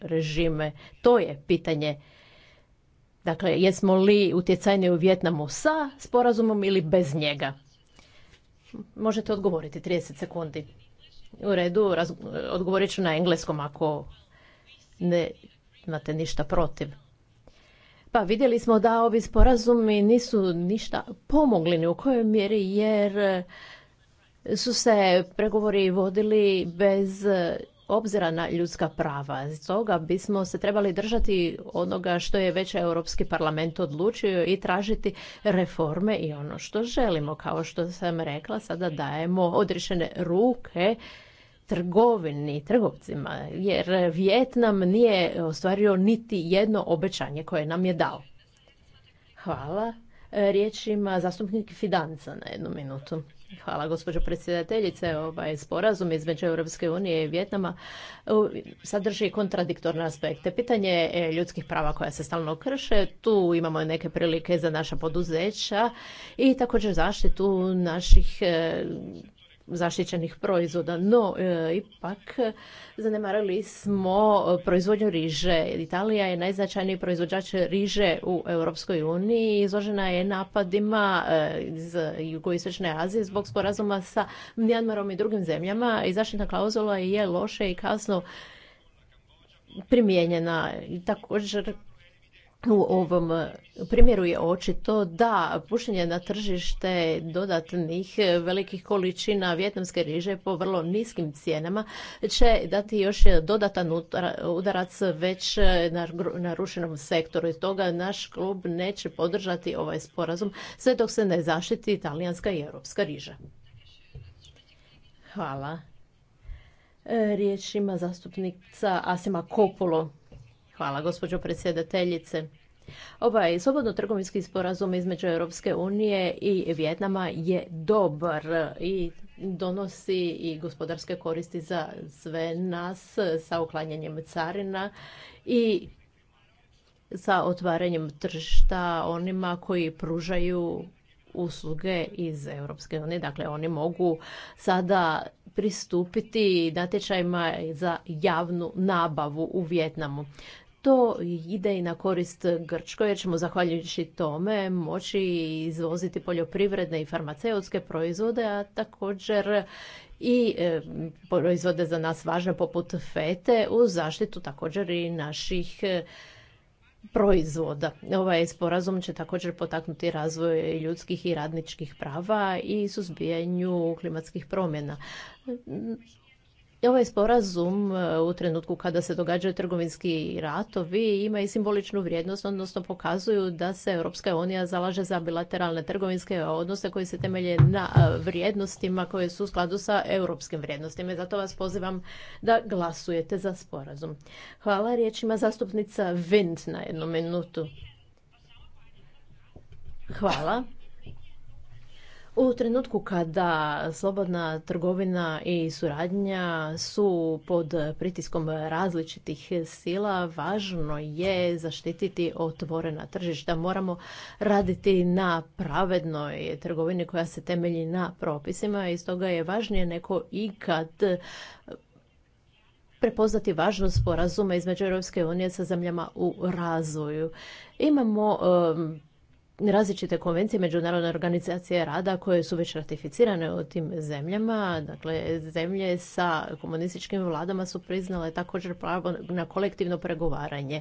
režime? To je pitanje. Dakle, jesmo li utjecajni u Vjetnamu sa sporazumom ili bez njega? Možete odgovoriti 30 sekundi. U redu, raz, odgovorit ću na engleskom ako ne imate ništa protiv. Pa vidjeli smo da ovi sporazumi nisu ništa pomogli ni u kojoj mjeri jer su se pregovori vodili bez obzira na ljudska prava. Stoga bismo se trebali držati onoga što je već Europski parlament odlučio i tražiti reforme i ono što želimo. Kao što sam rekla, sada dajemo odrišene ruke trgovini, trgovcima, jer Vjetnam nije ostvario niti jedno obećanje koje nam je dao. Hvala. E, riječ ima zastupnik Fidanca na jednu minutu. Hvala gospođo predsjedateljice. Ovaj sporazum između Europske unije i Vijetnama sadrži kontradiktorne aspekte. Pitanje e, ljudskih prava koja se stalno krše, tu imamo neke prilike za naša poduzeća i također zaštitu naših e, zaštićenih proizvoda, no e, ipak zanemarili smo proizvodnju riže. Italija je najznačajniji proizvođač riže u Europskoj uniji izložena je napadima e, iz jugoistočne Azije zbog sporazuma sa Mjanmarom i drugim zemljama i zaštitna klauzula je loše i kasno primijenjena. I također u ovom eh, primjeru je očito da pušenje na tržište dodatnih eh, velikih količina vjetnamske riže po vrlo niskim cijenama će dati još dodatan udarac već eh, narušenom sektoru. I toga naš klub neće podržati ovaj sporazum sve dok se ne zaštiti italijanska i europska riža. Hvala. Riječ ima zastupnica Asima Kopulo. Hvala, gospođo predsjedateljice. Ovaj slobodno trgovinski sporazum između Europske unije i Vijetnama je dobar i donosi i gospodarske koristi za sve nas sa uklanjanjem carina i sa otvaranjem tržišta onima koji pružaju usluge iz Europske unije. Dakle, oni mogu sada pristupiti natječajima za javnu nabavu u Vjetnamu to ide i na korist Grčkoj jer ćemo zahvaljujući tome moći izvoziti poljoprivredne i farmaceutske proizvode, a također i e, proizvode za nas važne poput fete u zaštitu također i naših e, proizvoda. Ovaj sporazum će također potaknuti razvoj ljudskih i radničkih prava i suzbijanju klimatskih promjena. Ovaj sporazum e, u trenutku kada se događaju trgovinski ratovi ima i simboličnu vrijednost, odnosno pokazuju da se Europska unija zalaže za bilateralne trgovinske odnose koji se temelje na e, vrijednostima koje su u skladu sa europskim vrijednostima. zato vas pozivam da glasujete za sporazum. Hvala riječima zastupnica Vint na jednu minutu. Hvala. U trenutku kada slobodna trgovina i suradnja su pod pritiskom različitih sila, važno je zaštititi otvorena tržišta. Moramo raditi na pravednoj trgovini koja se temelji na propisima i stoga je važnije neko ikad prepoznati važnost sporazuma između Europske unije sa zemljama u razvoju. Imamo različite konvencije Međunarodne organizacije rada koje su već ratificirane u tim zemljama. Dakle, zemlje sa komunističkim vladama su priznale također pravo na kolektivno pregovaranje.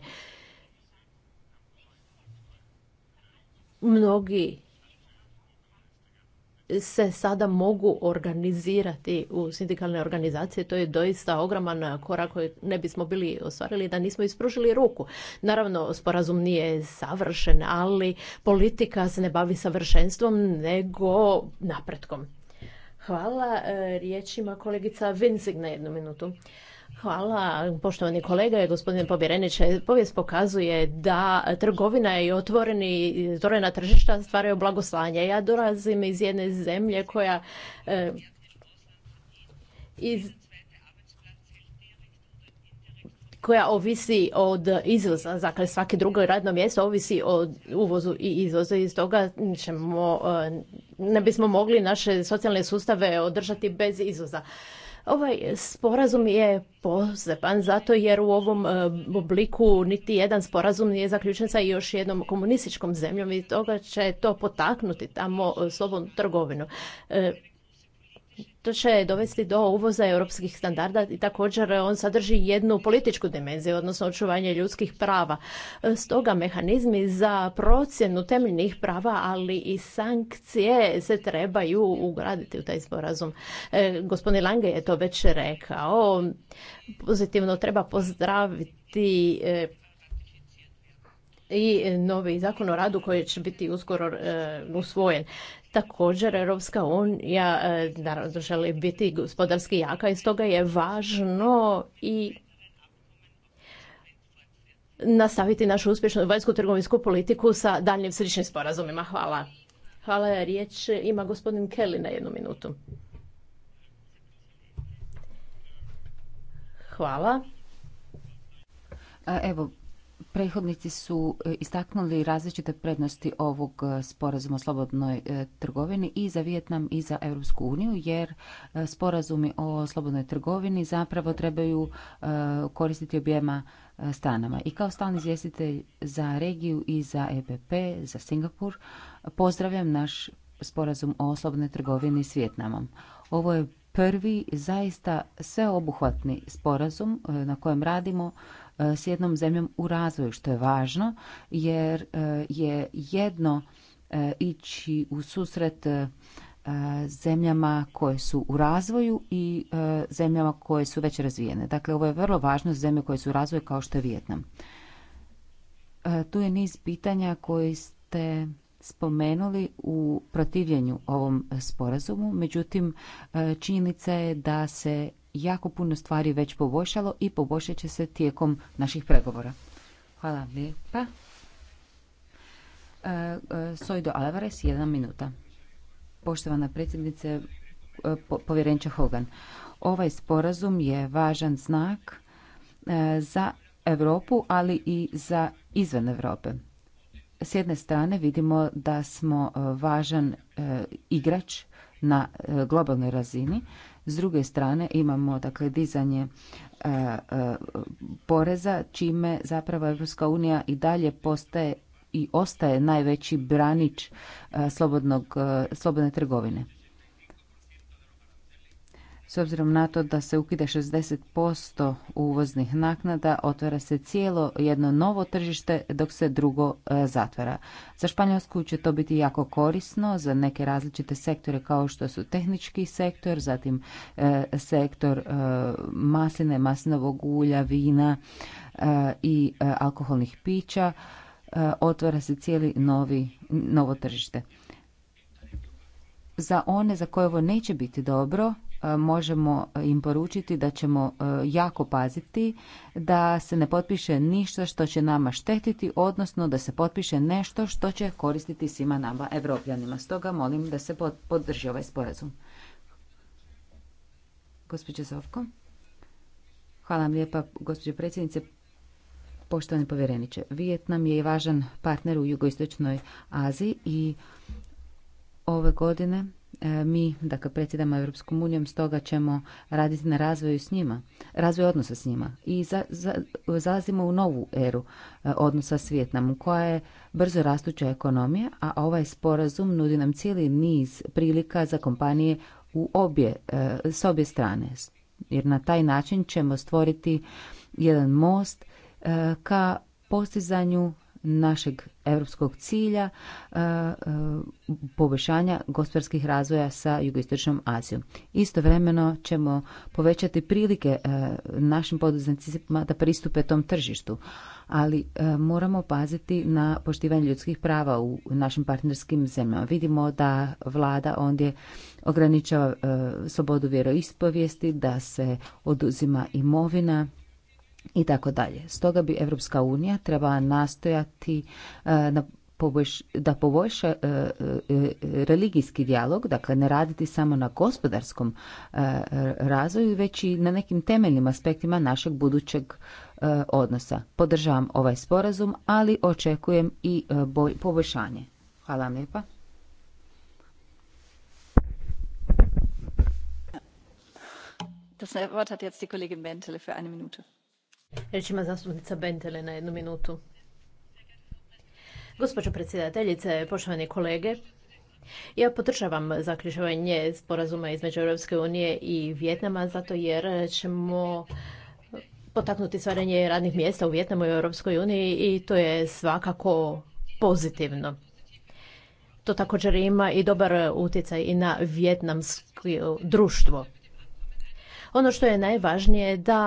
Mnogi se sada mogu organizirati u sindikalne organizacije, to je doista ogroman korak koji ne bismo bili ostvarili da nismo ispružili ruku. Naravno, sporazum nije savršen, ali politika se ne bavi savršenstvom, nego napretkom. Hvala e, riječima kolegica Vinzig na jednu minutu. Hvala, poštovani kolega, gospodine povjereniče. Povijest pokazuje da trgovina i otvoreni, otvorena tržišta stvaraju blagoslanje. Ja dolazim iz jedne zemlje koja e, iz, koja ovisi od izvoza, dakle svaki drugo radno mjesto ovisi od uvozu i izvozu i iz stoga ćemo, e, ne bismo mogli naše socijalne sustave održati bez izvoza. Ovaj sporazum je poseban zato jer u ovom e, obliku niti jedan sporazum nije zaključen sa još jednom komunističkom zemljom i toga će to potaknuti tamo e, slobodnu trgovinu. E, što će dovesti do uvoza europskih standarda i također on sadrži jednu političku dimenziju, odnosno očuvanje ljudskih prava. Stoga mehanizmi za procjenu temeljnih prava, ali i sankcije se trebaju ugraditi u taj sporazum. E, gospodin Lange je to već rekao. Pozitivno treba pozdraviti e, i novi zakon o radu koji će biti uskoro e, usvojen. Također, Europska unija e, naravno želi biti gospodarski jaka i stoga je važno i nastaviti našu uspješnu vanjsku trgovinsku politiku sa daljnjim sličnim sporazumima. Hvala. Hvala. Riječ ima gospodin Kelly na jednu minutu. Hvala. Evo, Prethodnici su e, istaknuli različite prednosti ovog e, sporazuma o slobodnoj e, trgovini i za Vijetnam i za Europsku uniju jer sporazumi o slobodnoj trgovini zapravo trebaju koristiti objema stranama. I kao stalni izvjestitelj za regiju i za EPP, za Singapur, pozdravljam naš sporazum o slobodnoj trgovini s Vijetnamom. Ovo je prvi zaista sveobuhvatni sporazum na kojem radimo E, s jednom zemljom u razvoju, što je važno jer e, je jedno e, ići u susret zemljama koje su u razvoju i zemljama koje su već razvijene. Dakle, ovo je vrlo važno za zemlje koje su u razvoju kao što je Vijetnam. Tu je niz pitanja koji ste spomenuli u protivljenju ovom sporazumu, međutim činjenica je da se jako puno stvari već poboljšalo i poboljšat će se tijekom naših pregovora. Hvala lijepa. E, e, Sojdo Alvarez, jedna minuta. Poštovana predsjednice, e, povjerenča Hogan. Ovaj sporazum je važan znak za Europu, ali i za izvan Europe. S jedne strane vidimo da smo važan igrač na globalnoj razini, s druge strane imamo dakle dizanje e, e, poreza čime zapravo Europska unija i dalje postaje i ostaje najveći branič e, slobodnog, slobodne trgovine. S obzirom na to da se ukida 60% uvoznih naknada, otvara se cijelo jedno novo tržište dok se drugo e, zatvara. Za Španjolsku će to biti jako korisno za neke različite sektore kao što su tehnički sektor, zatim e, sektor e, masline, maslinovog ulja, vina i alkoholnih pića. Otvara se cijeli novi, novo tržište. Za one za koje ovo neće biti dobro, E, možemo e, im poručiti da ćemo e, jako paziti da se ne potpiše ništa što će nama štetiti, odnosno da se potpiše nešto što će koristiti svima nama evropljanima. Stoga molim da se podrži ovaj sporazum. Gospođa Zovko. Hvala vam lijepa, gospođo predsjednice. Poštovani povjereniče, Vijetnam je i važan partner u jugoistočnoj Aziji i ove godine E, mi, dakle predsjedamo Europskom unijom, stoga ćemo raditi na razvoju s njima, razvoju odnosa s njima. I za, za, zalazimo u novu eru e, odnosa s Vijetnamom koja je brzo rastuća ekonomija, a ovaj sporazum nudi nam cijeli niz prilika za kompanije u obje, e, s obje strane. Jer na taj način ćemo stvoriti jedan most ka postizanju našeg europskog cilja e, e, poboljšanja gospodarskih razvoja sa jugoistočnom Azijom. Istovremeno ćemo povećati prilike e, našim poduzetnicima da pristupe tom tržištu, ali moramo paziti na poštivanje ljudskih prava u našim partnerskim zemljama. Vidimo da vlada ondje ograničava slobodu vjeroispovijesti, da se oduzima imovina i tako dalje. Stoga bi Europska unija treba nastojati e, na da poboljša e, e, religijski dijalog, dakle ne raditi samo na gospodarskom razvoju, već i na nekim temeljnim aspektima našeg budućeg odnosa. Podržavam ovaj sporazum, ali očekujem i poboljšanje. Hvala vam lijepa. Das hat jetzt Reći ima zastupnica Bentele na jednu minutu. Gospođo predsjedateljice, poštovani kolege, ja podržavam zaključavanje sporazuma između Europske unije i Vjetnama zato jer ćemo potaknuti stvaranje radnih mjesta u Vjetnamu i Europskoj uniji i to je svakako pozitivno. To također ima i dobar utjecaj i na vjetnamsko društvo. Ono što je najvažnije je da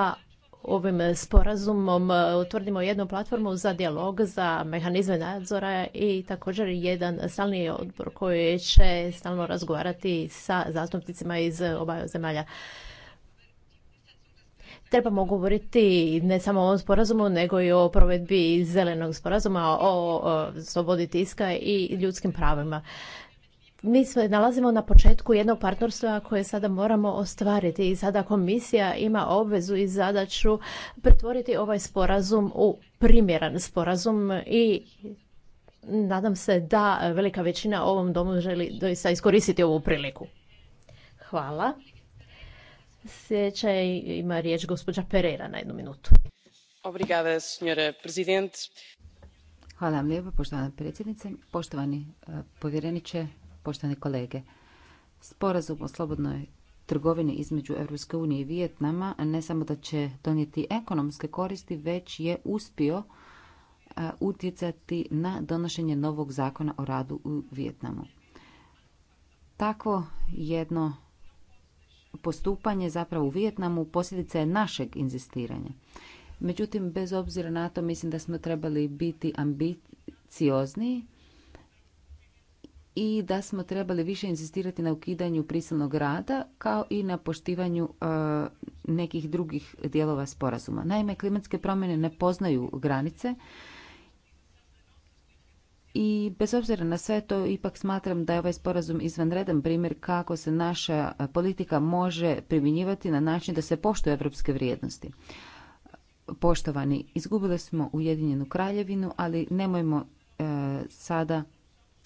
ovim sporazumom e, utvrdimo jednu platformu za dijalog, za mehanizme nadzora i također jedan stalni odbor koji će stalno razgovarati sa zastupnicima iz obaju zemalja. Trebamo govoriti ne samo o ovom sporazumu, nego i o provedbi zelenog sporazuma, o slobodi tiska i ljudskim pravima mi se nalazimo na početku jednog partnerstva koje sada moramo ostvariti i sada komisija ima obvezu i zadaću pretvoriti ovaj sporazum u primjeran sporazum i nadam se da velika većina ovom domu želi doista iskoristiti ovu priliku. Hvala. Sljedeća ima riječ gospođa Pereira na jednu minutu. Obrigada, senjore prezident. Hvala vam lijepo, poštovana predsjednice. Poštovani eh, povjereniče, poštovani kolege. Sporazum o slobodnoj trgovini između Europske unije i Vijetnama ne samo da će donijeti ekonomske koristi, već je uspio utjecati na donošenje novog zakona o radu u Vijetnamu. Takvo jedno postupanje zapravo u Vijetnamu posljedica je našeg inzistiranja. Međutim, bez obzira na to, mislim da smo trebali biti ambiciozniji i da smo trebali više insistirati na ukidanju prisilnog rada kao i na poštivanju e, nekih drugih dijelova sporazuma. Naime, klimatske promjene ne poznaju granice i bez obzira na sve to ipak smatram da je ovaj sporazum izvanredan primjer kako se naša politika može primjenjivati na način da se poštuju europske vrijednosti. Poštovani, izgubili smo Ujedinjenu kraljevinu, ali nemojmo e, sada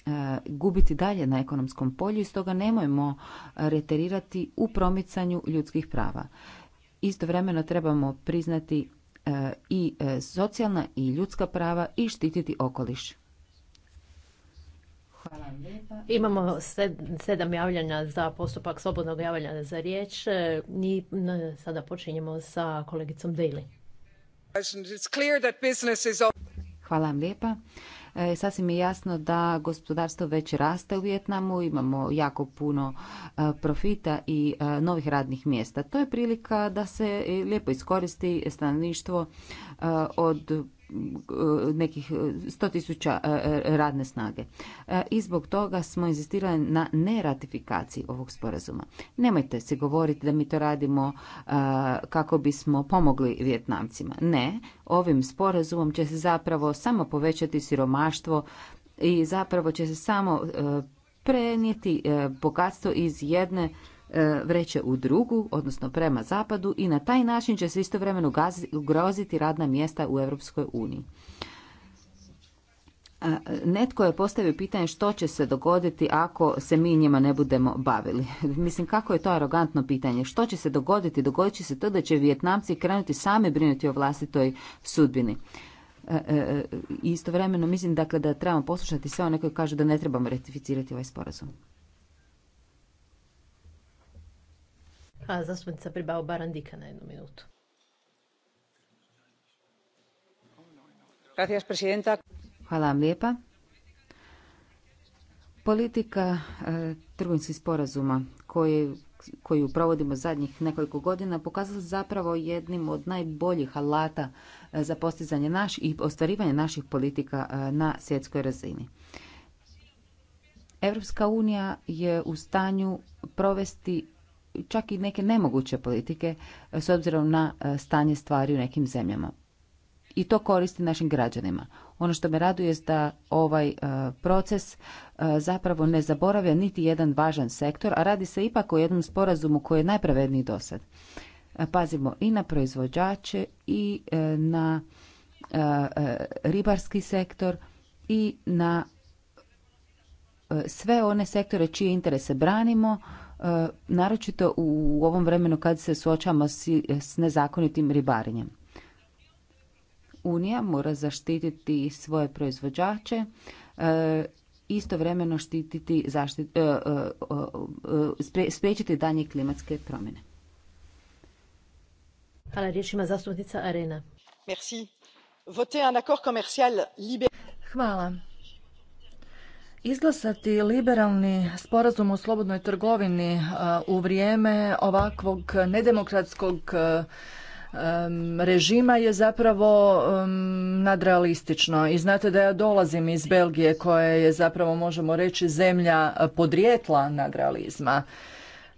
E, gubiti dalje na ekonomskom polju i stoga nemojmo reterirati u promicanju ljudskih prava. Istovremeno trebamo priznati e, i e, socijalna i ljudska prava i štititi okoliš. Hvala Imamo sedam javljanja za postupak slobodnog javljanja za riječ Mi sada počinjemo sa kolegicom Daly. Hvala vam lijepa. E, sasvim je jasno da gospodarstvo već raste u Vjetnamu, imamo jako puno e, profita i e, novih radnih mjesta. To je prilika da se lijepo iskoristi stanovništvo od nekih e, sto tisuća e, e, radne snage. I zbog toga smo inzistirali na neratifikaciji ovog sporazuma. Nemojte se govoriti da mi to radimo kako bismo pomogli Vjetnamcima. Ne, ovim sporazumom će se zapravo samo povećati siromaštvo i zapravo će se samo prenijeti bogatstvo iz jedne E, vreće u drugu, odnosno prema zapadu i na taj način će se istovremeno ugroziti radna mjesta u Europskoj uniji. E, netko je postavio pitanje što će se dogoditi ako se mi njima ne budemo bavili. Mislim, kako je to arogantno pitanje? Što će se dogoditi? Dogodit će se to da će Vjetnamci krenuti sami brinuti o vlastitoj sudbini. E, istovremeno mislim dakle da trebamo poslušati sve one koji kažu da ne trebamo ratificirati ovaj sporazum. A zastupnica Pribao Barandika na jednu minutu. Hvala vam lijepa. Politika e, trgovinskih sporazuma koju, provodimo zadnjih nekoliko godina pokazala se zapravo jednim od najboljih alata e, za postizanje naš i ostvarivanje naših politika e, na svjetskoj razini. Europska unija je u stanju provesti čak i neke nemoguće politike e, s obzirom na e, stanje stvari u nekim zemljama. I to koristi našim građanima. Ono što me raduje je da ovaj e, proces zapravo ne zaboravlja niti jedan važan sektor, a radi se ipak o jednom sporazumu koji je najpravedniji do sad. Pazimo i na proizvođače i na ribarski sektor i na sve one sektore čije interese branimo, E, naročito u ovom vremenu kad se suočavamo s nezakonitim ribarenjem. Unija mora zaštititi svoje proizvođače, e, istovremeno štititi e, spriječiti danje klimatske promjene. Hvala, riječ Arena. Hvala. Izglasati liberalni sporazum o slobodnoj trgovini uh, u vrijeme ovakvog nedemokratskog uh, um, režima je zapravo um, nadrealistično i znate da ja dolazim iz Belgije koja je zapravo možemo reći zemlja podrijetla nadrealizma.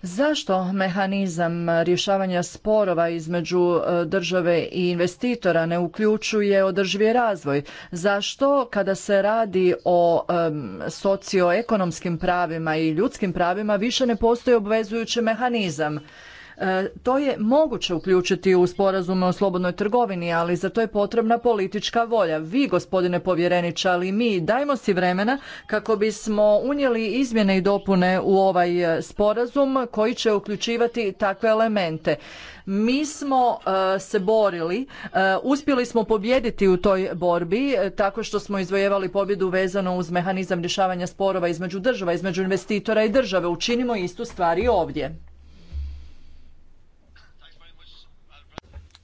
Zašto mehanizam rješavanja sporova između e, države i investitora ne uključuje održivi razvoj? Zašto kada se radi o socioekonomskim pravima i ljudskim pravima više ne postoji obvezujući mehanizam? E, to je moguće uključiti u sporazume o slobodnoj trgovini, ali za to je potrebna politička volja. Vi, gospodine povjereniče, ali mi dajmo si vremena kako bismo unijeli izmjene i dopune u ovaj e, sporazum koji će uključivati takve elemente. Mi smo e, se borili, uspjeli smo pobijediti u toj borbi tako što smo izvojevali pobjedu vezano uz mehanizam rješavanja sporova između država, između investitora i države. Učinimo istu stvar i ovdje.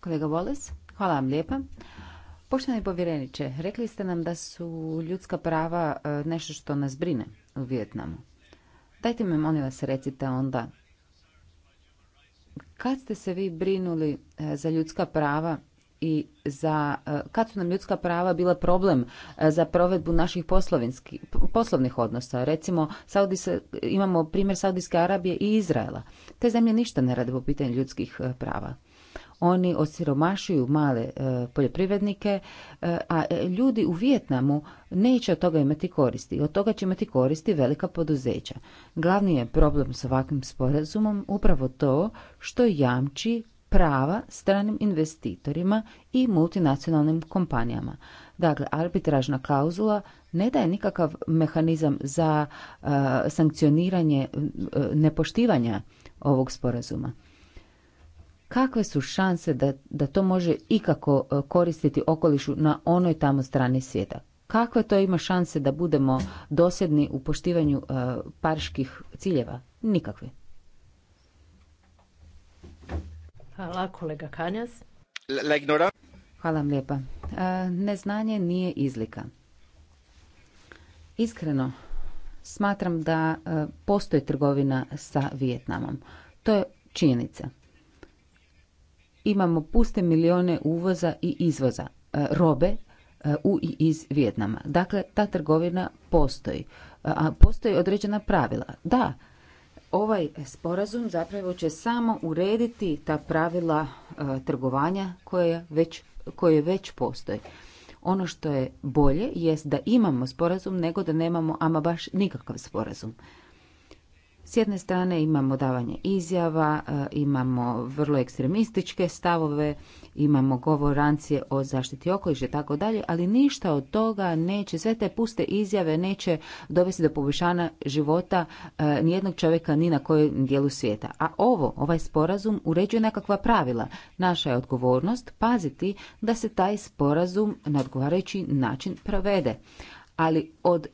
Kolega Voles, hvala vam lijepa. Poštovani povjereniče, rekli ste nam da su ljudska prava e, nešto što nas brine u Vijetnamu. Dajte mi, molim vas, recite onda, kad ste se vi brinuli e, za ljudska prava i za, e, kad su nam ljudska prava bila problem za provedbu naših poslovnih odnosa. Recimo, Saudis, imamo primjer Saudijske Arabije i Izraela. Te zemlje ništa ne rade po pitanju ljudskih prava. Oni osiromašuju male e, poljoprivrednike, e, a e, ljudi u Vijetnamu neće od toga imati koristi. Od toga će imati koristi velika poduzeća. Glavni je problem s ovakvim sporazumom upravo to što jamči prava stranim investitorima i multinacionalnim kompanijama. Dakle, arbitražna klauzula ne daje nikakav mehanizam za sankcioniranje nepoštivanja ovog sporazuma kakve su šanse da, da to može ikako e, koristiti okolišu na onoj tamo strani svijeta? Kakve to ima šanse da budemo dosjedni u poštivanju e, parških ciljeva? Nikakve. Hvala kolega Kanjas. Hvala vam lijepa. E, neznanje nije izlika. Iskreno, smatram da postoji trgovina sa Vijetnamom. To je činjenica imamo puste milijone uvoza i izvoza e, robe e, u i iz Vjetnama. Dakle, ta trgovina postoji. E, a postoji određena pravila. Da, ovaj sporazum zapravo će samo urediti ta pravila trgovanja koje već, koje već postoji. Ono što je bolje jest da imamo sporazum nego da nemamo ama baš nikakav sporazum. S jedne strane imamo davanje izjava, e, imamo vrlo ekstremističke stavove, imamo govorancije o zaštiti okoliša i tako dalje, ali ništa od toga neće, sve te puste izjave neće dovesti do poboljšanja života e, nijednog čovjeka ni na kojem dijelu svijeta. A ovo, ovaj sporazum uređuje nekakva pravila. Naša je odgovornost paziti da se taj sporazum na odgovarajući način provede ali od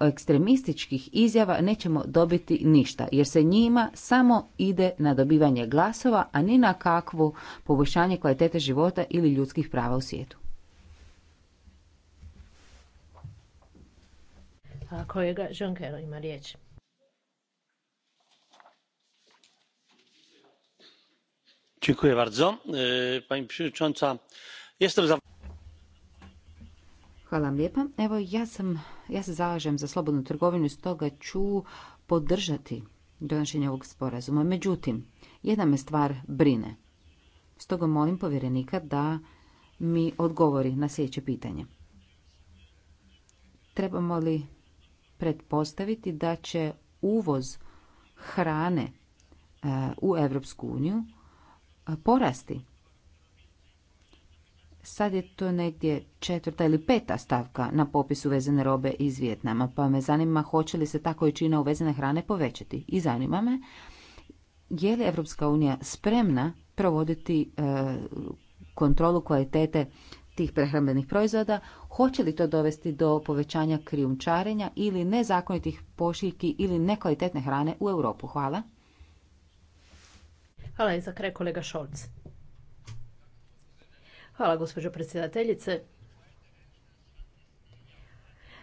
ekstremističkih izjava nećemo dobiti ništa, jer se njima samo ide na dobivanje glasova, a ni na kakvo poboljšanje kvalitete života ili ljudskih prava u svijetu. A ima riječ. Dziękuję bardzo. E, pani przewodnicząca, jestem za... Hvala vam lijepa. ja, se zalažem za slobodnu trgovinu, i stoga ću podržati donošenje ovog sporazuma. Međutim, jedna me stvar brine. Stoga molim povjerenika da mi odgovori na sljedeće pitanje. Trebamo li pretpostaviti da će uvoz hrane e, u Europsku uniju e, porasti Sad je to negdje četvrta ili peta stavka na popisu vezane robe iz Vjetnama, pa me zanima hoće li se ta količina uvezene hrane povećati. I zanima me je li Evropska unija spremna provoditi e, kontrolu kvalitete tih prehrambenih proizvoda, hoće li to dovesti do povećanja krijumčarenja ili nezakonitih pošiljki ili nekvalitetne hrane u Europu? Hvala. Hvala i za kraj kolega Šolc. Hvala, gospođo predsjedateljice.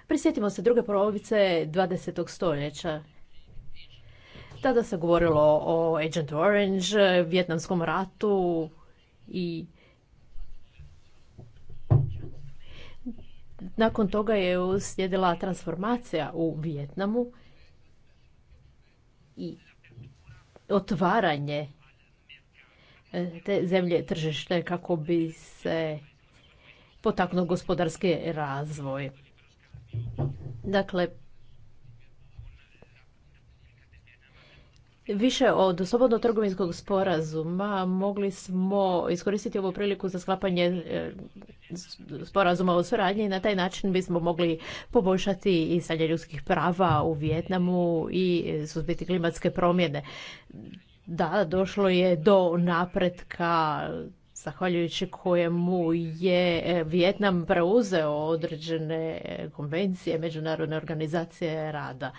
Prisjetimo se druge polovice 20. stoljeća. Tada se govorilo o Agent Orange, vjetnamskom ratu i nakon toga je uslijedila transformacija u Vjetnamu i otvaranje te zemlje tržište kako bi se potaknuo gospodarski razvoj. Dakle, Više od slobodno trgovinskog sporazuma mogli smo iskoristiti ovu priliku za sklapanje e, sporazuma o suradnji i na taj način bismo mogli poboljšati i stanje ljudskih prava u Vijetnamu i suzbiti klimatske promjene. Da, došlo je do napretka zahvaljujući kojemu je e, Vjetnam preuzeo određene e, konvencije Međunarodne organizacije rada.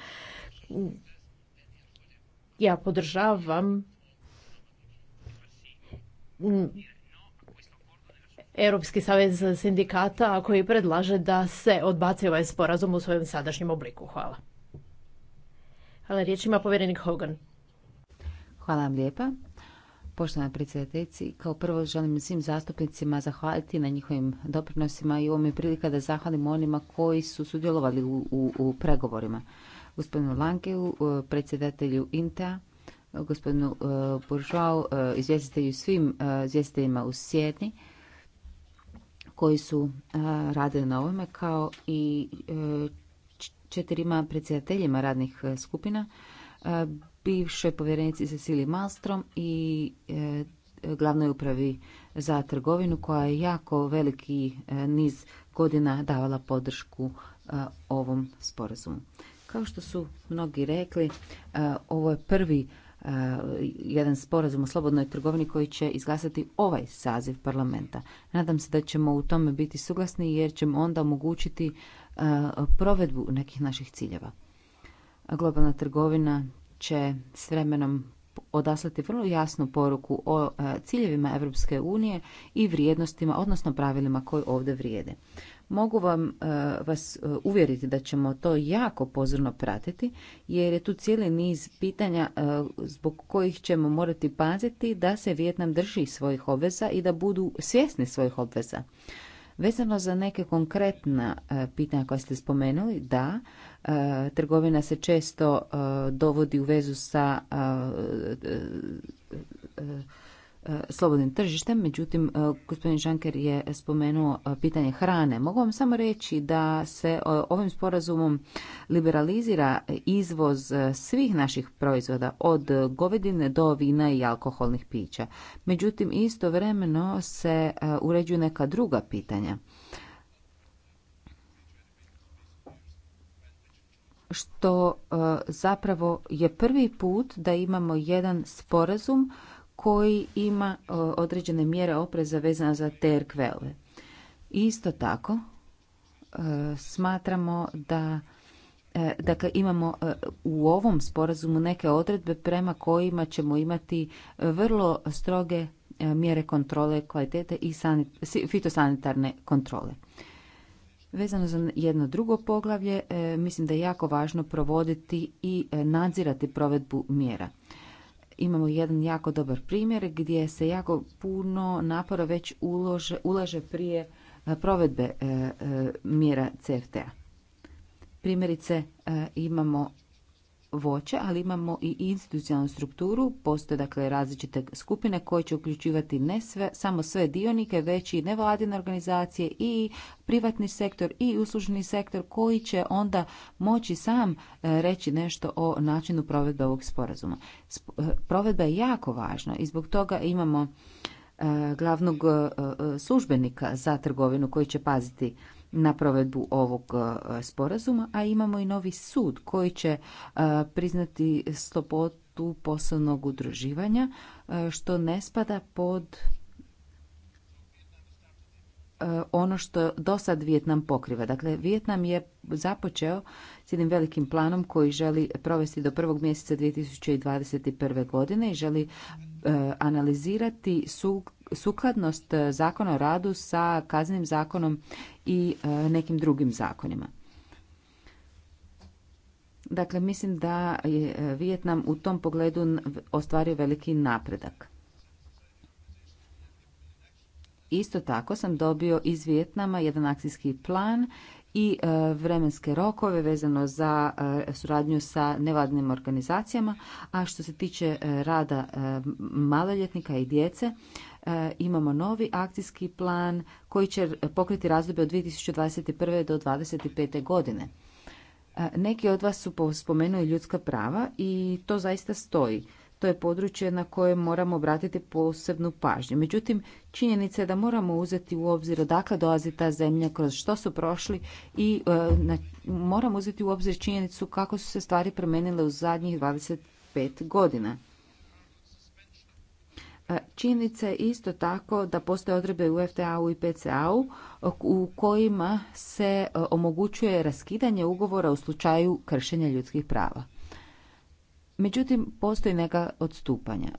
Ja podržavam Europski savez sindikata koji predlaže da se odbaci ovaj sporazum u svojem sadašnjem obliku. Hvala. Hvala, riječ ima povjerenik Hogan. Hvala vam lijepa. Poštovana predsjedateljici, kao prvo želim svim zastupnicima zahvaliti na njihovim doprinosima i ovo mi je prilika da zahvalim onima koji su sudjelovali u, u, u pregovorima. Gospodinu Lankeu, e, predsjedatelju INTA, gospodinu e, Buržau, e, izvjestitelju svim izvjestiteljima u Sjedni, koji su radili na ovome, kao i četirima predsjedateljima radnih skupina bivšoj povjerenici Cecilije Malstrom i e, glavnoj upravi za trgovinu koja je jako veliki e, niz godina davala podršku e, ovom sporazumu. Kao što su mnogi rekli, ovo je prvi jedan sporazum o slobodnoj trgovini koji će izglasati ovaj saziv parlamenta. Nadam se da ćemo u tome biti suglasni jer ćemo onda omogućiti provedbu nekih naših ciljeva. Globalna trgovina će s vremenom odaslati vrlo jasnu poruku o e, ciljevima Europske unije i vrijednostima, odnosno pravilima koji ovdje vrijede. Mogu vam e, vas e, uvjeriti da ćemo to jako pozorno pratiti jer je tu cijeli niz pitanja zbog kojih ćemo morati paziti da se Vijetnam drži svojih obveza i da budu svjesni svojih obveza. Vezano za neke konkretna pitanja koja ste spomenuli, da, E, trgovina se često e, dovodi u vezu sa e, slobodnim tržištem, međutim gospodin Žanker je spomenuo pitanje hrane. Mogu vam samo reći da se ovim sporazumom liberalizira izvoz svih naših proizvoda od govedine do vina i alkoholnih pića. Međutim, istovremeno se uređuju neka druga pitanja. što e, zapravo je prvi put da imamo jedan sporazum koji ima e, određene mjere opreza vezana za TRQL-e. Isto tako e, smatramo da Dakle, imamo u ovom sporazumu neke odredbe prema kojima ćemo imati vrlo stroge mjere kontrole kvalitete i fitosanitarne kontrole. Vezano za jedno drugo poglavlje, e, mislim da je jako važno provoditi i e, nadzirati provedbu mjera. Imamo jedan jako dobar primjer gdje se jako puno napora već ulože, ulaže prije e, provedbe mjera CFTA. Primjerice imamo voće, ali imamo i institucionalnu strukturu. Postoje dakle različite skupine koje će uključivati ne sve, samo sve dionike, već i nevladine organizacije i privatni sektor i uslužni sektor koji će onda moći sam e, reći nešto o načinu provedbe ovog sporazuma. E, provedba je jako važna i zbog toga imamo e, glavnog službenika za trgovinu koji će paziti na provedbu ovog e, sporazuma, a imamo i novi sud koji će e, priznati slobodu poslovnog udruživanja, e, što ne spada pod ono što do sad Vjetnam pokriva. Dakle, Vjetnam je započeo s jednim velikim planom koji želi provesti do prvog mjeseca 2021. godine i želi E, analizirati sukladnost e, zakona o radu sa kaznenim zakonom i e, nekim drugim zakonima. Dakle, mislim da je Vijetnam u tom pogledu ostvario veliki napredak. Isto tako sam dobio iz Vijetnama jedan akcijski plan i e, vremenske rokove vezano za e, suradnju sa nevladnim organizacijama, a što se tiče e, rada maloljetnika i djece, imamo novi akcijski plan koji će pokriti razdoblje od 2021. do 2025. godine. Neki od vas su spomenuli ljudska prava i to zaista stoji. To je područje na koje moramo obratiti posebnu pažnju. Međutim, Činjenica je da moramo uzeti u obzir odakle dolazi ta zemlja, kroz što su prošli i e, moramo uzeti u obzir činjenicu kako su se stvari promijenile u zadnjih 25 godina. E, činjenica je isto tako da postoje odrebe u FTA-u i PCA-u e, u kojima se omogućuje raskidanje ugovora u slučaju kršenja ljudskih prava. Međutim, postoji neka odstupanja.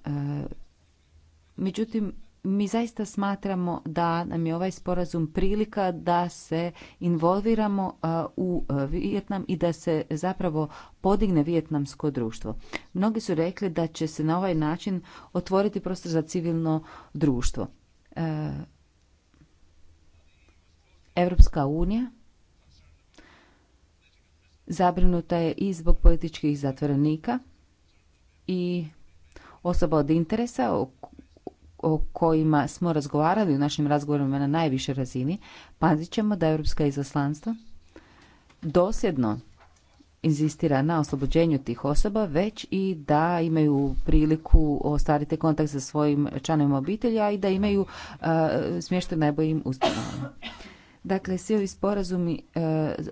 Međutim, mi zaista smatramo da nam je ovaj sporazum prilika da se involviramo u Vijetnam i da se zapravo podigne vijetnamsko društvo. Mnogi su rekli da će se na ovaj način otvoriti prostor za civilno društvo. Europska unija zabrinuta je i zbog političkih zatvorenika i osoba od interesa o kojima smo razgovarali u našim razgovorima na najvišoj razini, pazit ćemo da europska izaslanstva dosljedno inzistira na oslobođenju tih osoba, već i da imaju priliku ostvariti kontakt sa svojim članovima obitelji, a i da imaju uh, smještaj najboljim ustanovama. Dakle, svi ovi sporazumi e,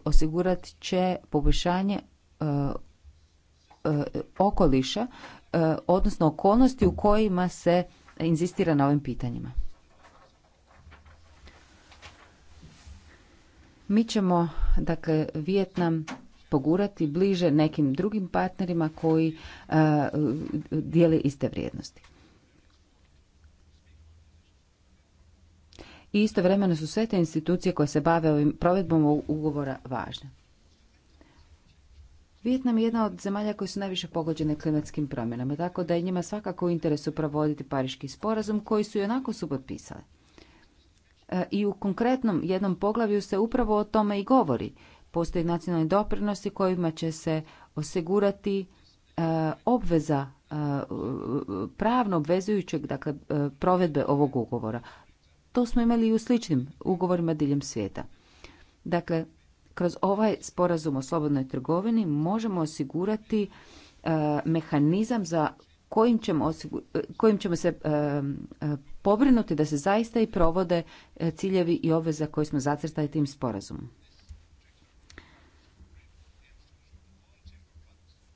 osigurat će poboljšanje e, okoliša, odnosno okolnosti u kojima se inzistira na ovim pitanjima. Mi ćemo, dakle, Vijetnam pogurati bliže nekim drugim partnerima koji dijeli dijele iste vrijednosti. I istovremeno su sve te institucije koje se bave ovim provedbom ugovora važne. Vijetnam je jedna od zemalja koje su najviše pogođene klimatskim promjenama, tako da je njima svakako u interesu provoditi Pariški sporazum koji su i onako su potpisale. I u konkretnom jednom poglavlju se upravo o tome i govori. Postoji nacionalni doprinosi kojima će se osigurati e, obveza e, pravno obvezujućeg dakle, e, provedbe ovog ugovora. To smo imali i u sličnim ugovorima diljem svijeta. Dakle, kroz ovaj sporazum o slobodnoj trgovini možemo osigurati e, mehanizam za kojim ćemo, osigur, e, kojim ćemo se e, pobrinuti da se zaista i provode ciljevi i obveza koje smo zacrtali tim sporazumom.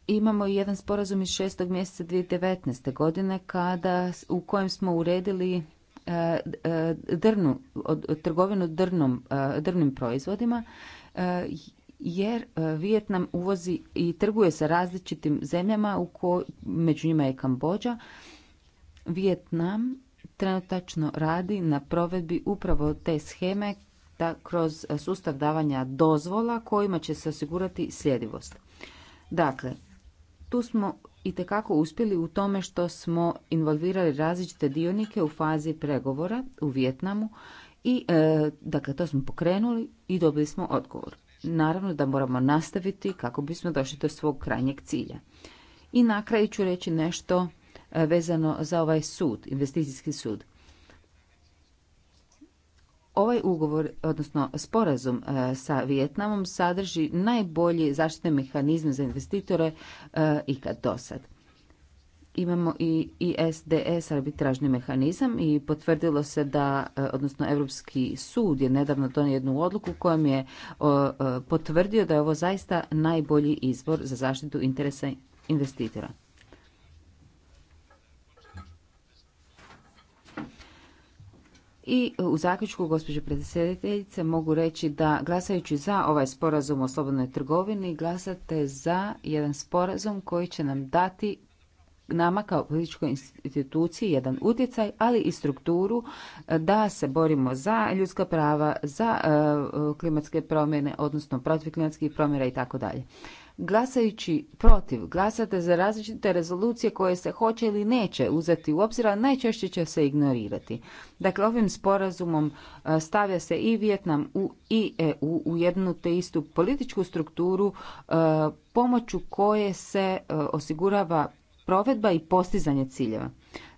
imamo i jedan sporazum iz 6. mjeseca 2019. godine kada, u kojem smo uredili drnu, trgovinu drnom, drvnim proizvodima E, jer e, Vijetnam uvozi i trguje sa različitim zemljama, u među njima je Kambođa. Vijetnam trenutačno radi na provedbi upravo te scheme kroz sustav davanja dozvola kojima će se osigurati sljedivost. Dakle, tu smo i tekako uspjeli u tome što smo involvirali različite dionike u fazi pregovora u Vijetnamu i, e, dakle, to smo pokrenuli i dobili smo odgovor. Naravno da moramo nastaviti kako bismo došli do svog krajnjeg cilja. I na kraju ću reći nešto e, vezano za ovaj sud, investicijski sud. Ovaj ugovor, odnosno sporazum e, sa Vijetnamom sadrži najbolji zaštitne mehanizme za investitore e, ikad do sad imamo i ISDS arbitražni mehanizam i potvrdilo se da, e, odnosno Europski sud je nedavno donio jednu odluku kojom je e, potvrdio da je ovo zaista najbolji izbor za zaštitu interesa investitora. I u zaključku, gospođo predsjediteljice, mogu reći da glasajući za ovaj sporazum o slobodnoj trgovini, glasate za jedan sporazum koji će nam dati nama kao političkoj instituciji jedan utjecaj, ali i strukturu e, da se borimo za ljudska prava, za e, klimatske promjene, odnosno protiv klimatskih promjera i tako dalje. Glasajući protiv, glasate za različite rezolucije koje se hoće ili neće uzeti u obzir, a najčešće će se ignorirati. Dakle, ovim sporazumom e, stavlja se i Vjetnam u, i EU u jednu te istu političku strukturu pomoću koje se osigurava provedba i postizanje ciljeva.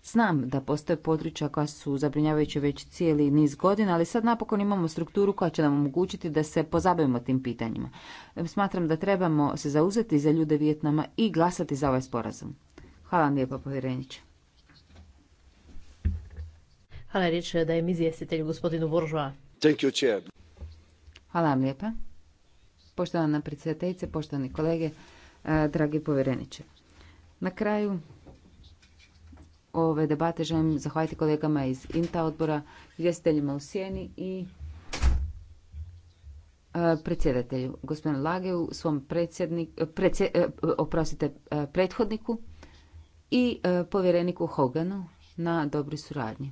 Znam da postoje područja koja su zabrinjavajuće već cijeli niz godina, ali sad napokon imamo strukturu koja će nam omogućiti da se pozabavimo tim pitanjima. Smatram da trebamo se zauzeti za ljude Vijetnama i glasati za ovaj sporazum. Hvala vam lijepa, povjereniče. Hvala riječ da je izvjestitelj gospodinu chair. Hvala vam lijepa. Poštovana predsjedateljice, poštovani kolege, eh, dragi povjereniče. Na kraju ove debate želim zahvaliti kolegama iz INTA odbora, izvjestiteljima u sjeni i e, predsjedatelju, gospodinu Lageu, svom predsjednik, e, e, oprostite, prethodniku i povjereniku Hoganu na dobroj suradnji.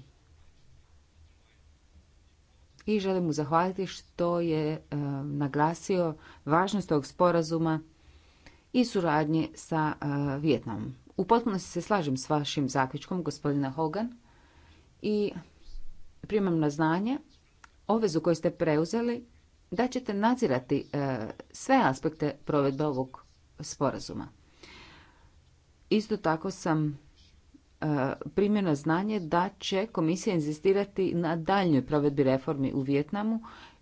I želim mu zahvaliti što je naglasio važnost ovog sporazuma i suradnje sa e, Vjetnamom. U potpunosti se slažem s vašim zaključkom, gospodina Hogan, i primam na znanje obvezu koju ste preuzeli da ćete nadzirati e, sve aspekte provedbe ovog sporazuma. Isto tako sam e, na znanje da će komisija inzistirati na daljnjoj provedbi reformi u Vjetnamu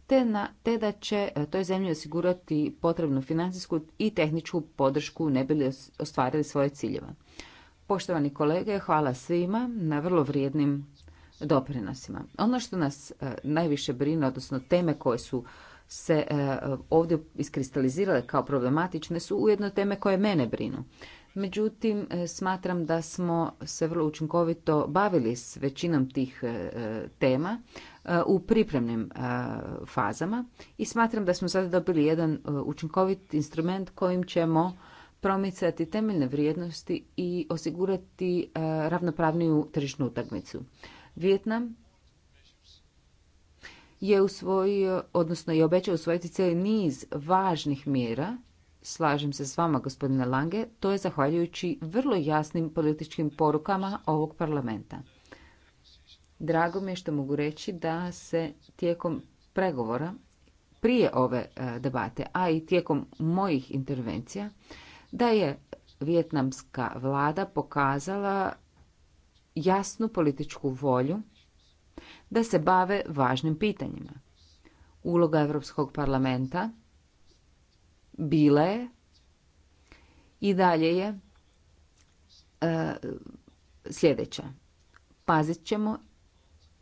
te, na, te da će e, toj zemlji osigurati potrebnu financijsku i tehničku podršku ne li ostvarili svoje ciljeva. Poštovani kolege, hvala svima na vrlo vrijednim doprinosima. Ono što nas e, najviše brine, odnosno teme koje su se e, ovdje iskristalizirale kao problematične su ujedno teme koje mene brinu. Međutim, smatram da smo se vrlo učinkovito bavili s većinom tih tema, u pripremnim e, fazama i smatram da smo sada dobili jedan e, učinkovit instrument kojim ćemo promicati temeljne vrijednosti i osigurati e, ravnopravniju tržišnu utakmicu. Vijetnam je usvojio, odnosno je obećao usvojiti cijeli niz važnih mjera, slažem se s vama gospodine Lange, to je zahvaljujući vrlo jasnim političkim porukama ovog parlamenta. Drago mi je što mogu reći da se tijekom pregovora prije ove e, debate, a i tijekom mojih intervencija, da je vjetnamska vlada pokazala jasnu političku volju da se bave važnim pitanjima. Uloga Europskog parlamenta bila je i dalje je e, sljedeća. Pazit ćemo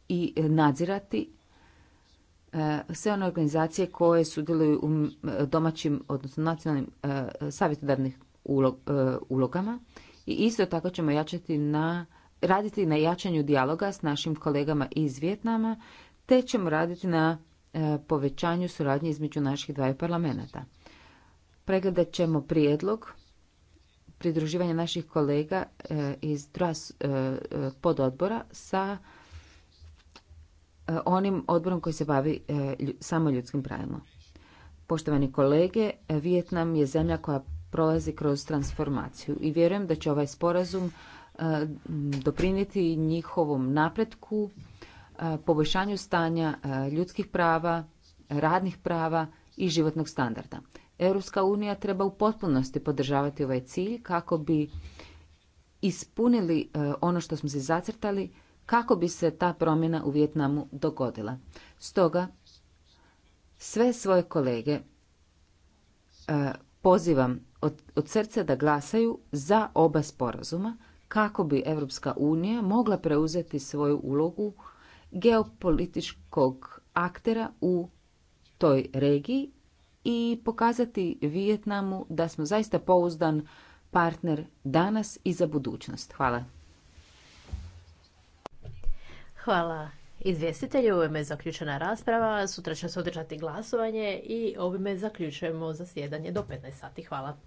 i nadzirati e, sve one organizacije koje sudjeluju u domaćim, odnosno nacionalnim e, savjetodavnim e, ulogama. I isto tako ćemo jačati na, raditi na jačanju dijaloga s našim kolegama iz Vjetnama, te ćemo raditi na povećanju suradnje između naših dvaju parlamenta. Pregledat ćemo prijedlog pridruživanja naših kolega iz pododbora sa E, onim odborom koji se bavi e, samo ljudskim pravima. Poštovani kolege, e, Vijetnam je zemlja koja prolazi kroz transformaciju i vjerujem da će ovaj sporazum doprinijeti njihovom napretku, poboljšanju stanja ljudskih prava, radnih prava i životnog standarda. Europska unija treba u potpunosti podržavati ovaj cilj kako bi ispunili ono što smo se zacrtali kako bi se ta promjena u Vjetnamu dogodila. Stoga sve svoje kolege e, pozivam od, od srca da glasaju za oba sporazuma kako bi Europska unija mogla preuzeti svoju ulogu geopolitičkog aktera u toj regiji i pokazati Vijetnamu da smo zaista pouzdan partner danas i za budućnost. Hvala. Hvala izvjestitelju. Ovime je zaključena rasprava. Sutra će se održati glasovanje i ovime zaključujemo zasjedanje do 15 sati. Hvala.